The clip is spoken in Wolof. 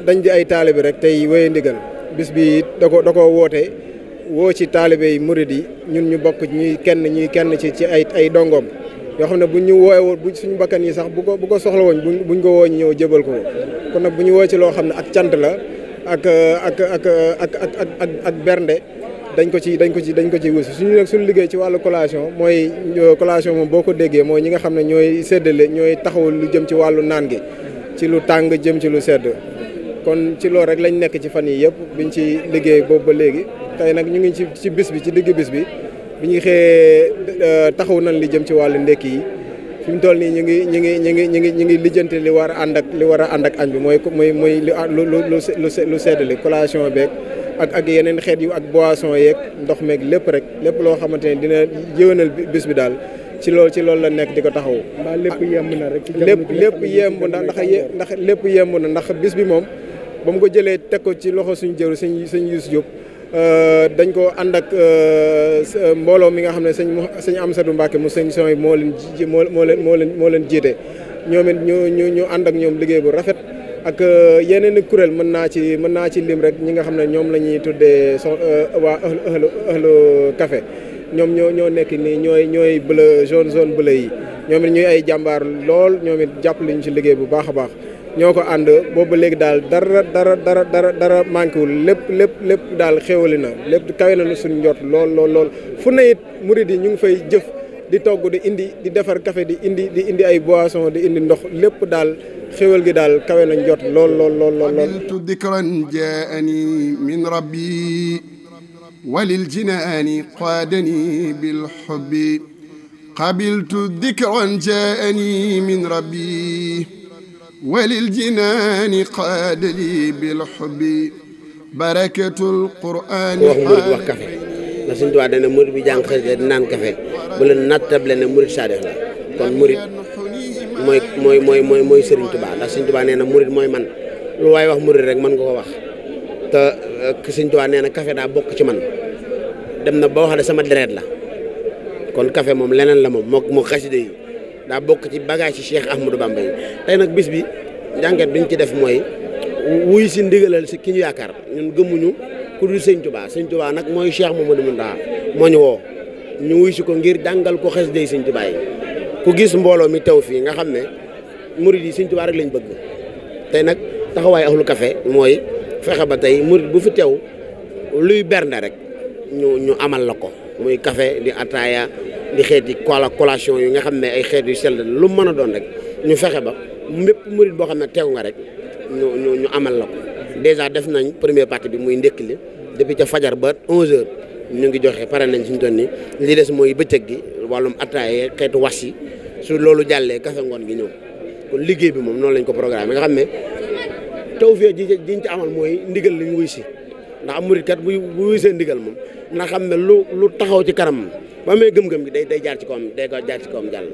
dañ di ay taalibe rek tey wéye ndigal bis bi da ko da koo woote woo ci taalibe yi murid yi ñun ñu bokk ñuy kenn ñuy kenn ci ci ay ay dongoom yoo xam ne buñ ñu wooye woon bu suñu bakkan yi sax bu ko bu ko soxla woon buñ ko woo ñu ñëw jëbal ko kon nag bu ñu woo ci loo xam ne ak cant la ak ak ak ak ak ak bernde dañ ko ci dañ ko ci dañ ko ci wus suñu nag suñu liggéey ci wàllu collation mooy euh, collation moom boo ko déggee mooy ñi nga xam ne ñooy séddale ñooy taxawul lu jëm ci wàllu naan gi ci lu tàng jëm ci lu sedd kon ci loolu rek lañ nekk ci fan yi yëpp ñu ci liggéey boobu ba léegi tey nag ñu ngi ci ci bis bi ci digg bis bi bi ñu xëyee euh, taxaw nañ li jëm ci wàllu ndekki yi fi mu toll nii ñu ngi ñu ngi ñu ngi ñu ngi ñu ngi lijjante li war a ànd ak li war a ànd ak añ bi mooy mooy mooy ah, lu lu lu lu seddali collation beeg ak ak yeneen xeet yu ak boisson yeeg ndox meeg lépp rek lépp loo xamante ne dina yëwénal bis bi daal ci loolu ci loolu la nekk di ko taxaw lépp lépp yemb na ndax ndax lépp yemb na ndax bis bi moom ba mu ko jëlee teg ko ci loxo suñu jëru sëñ sëñ Youssou Diop euh, dañ ko ànd ak euh, mbooloo mi nga xam ne sëñ sëñ Amsadou Mbacke mu sëñ son yi moo leen moo moo leen moo leen moo leen jiite ñoom it ñu ñu ñu ànd ak ñoom liggéey bu rafet ak euh, yeneen i kuréel mën naa ci mën naa ci lim rek ñi nga xam ne ñoom la ñuy tuddee so waa ëhlu ëhlu café ñoom ñoo ñoo nekk nii ñooy ñooy bleu jaune jaune bleu yi ñoom ñuy ay jàmbaar lool ñoom it jàpp liñ ci liggéey bu baax a baax ñoo ko ànd boobu léegi daal dara dara dara dara dara manqué wul lépp lépp lépp daal xéwali na lépp kawe na suñu njort lool lool lool fu ne it murid yi ñu ngi fay jëf di togg di indi di defar café di indi di indi ay boisson di indi ndox lépp daal xéwal gi daal kawe na njort lool lool lool lool amiltu dikran jaani min rabbi walil jinaani qaadani bil hubbi qabiltu dikran jaani min rabbi walil jinaani qaadali bil hubbi barakatul qur'aani wax murid wax kafe ndax suñu tubaab dana murid bi jàng naan kafe bu la nattable ne murid saadix kon murid mooy mooy mooy mooy mooy Sëriñ Tuubaa ndax Sëriñ Tuubaa nee mooy man lu waaye wax murid rek mën nga ko wax te eh, Sëriñ Tuubaa nee na kafe daa bokk ci man dem na ba wax ne sama deret la kon kafe moom leneen la moom moo moo xasida daa bokk ci bagage ci Cheikh Ahmadou Bamba tey nag bis bi njàngat bi ñu ci def mooy wuy si ndigalal si ki ñu yaakaar ñun gëmuñu ku dul sëñ Tuubaa sëñ Tuubaa nag mooy Cheikh Mamadou Mountakha moo ñu woo ñu wuy si ko ngir jàngal ko xes day sëñ Tuubaa yi ku gis mbooloo mi tew fii nga xam ne murid yi sëñ Tuubaa rek lañ bëgg tey nag taxawaay Ahlu kafe mooy fexe ba tey murid bu fi tew luy bernde rek ñu ñu amal la ko muy kafe di ataaya di xeeti collation yi nga xam ne ay xeet yu sell lu mën a doon rek ñu fexe ba mépp murit boo xam ne teew nga rek ñu ñu ñu amal la ko dèjà def nañ première partie bi muy ndékki li depuis ca fajar ba 11h ñu ngi joxe pare nañ suñu toll nii li des mooy bëccëg gi wàllum attaaye xeetu was yi su loolu jàllee kafe ngoon gi ñëw kon liggéey bi moom noonu lañ ko programme nga xam ne tawfeex ji jiñ ci amal mooy ndigal li ñu wuy si ndax am murit kat bu bu wuy see ndigal moom ndax xam ne lu lu taxaw ci kanam ba amee gëm-gëm gi day jaar ci kawam day jaar ci kawam jàll.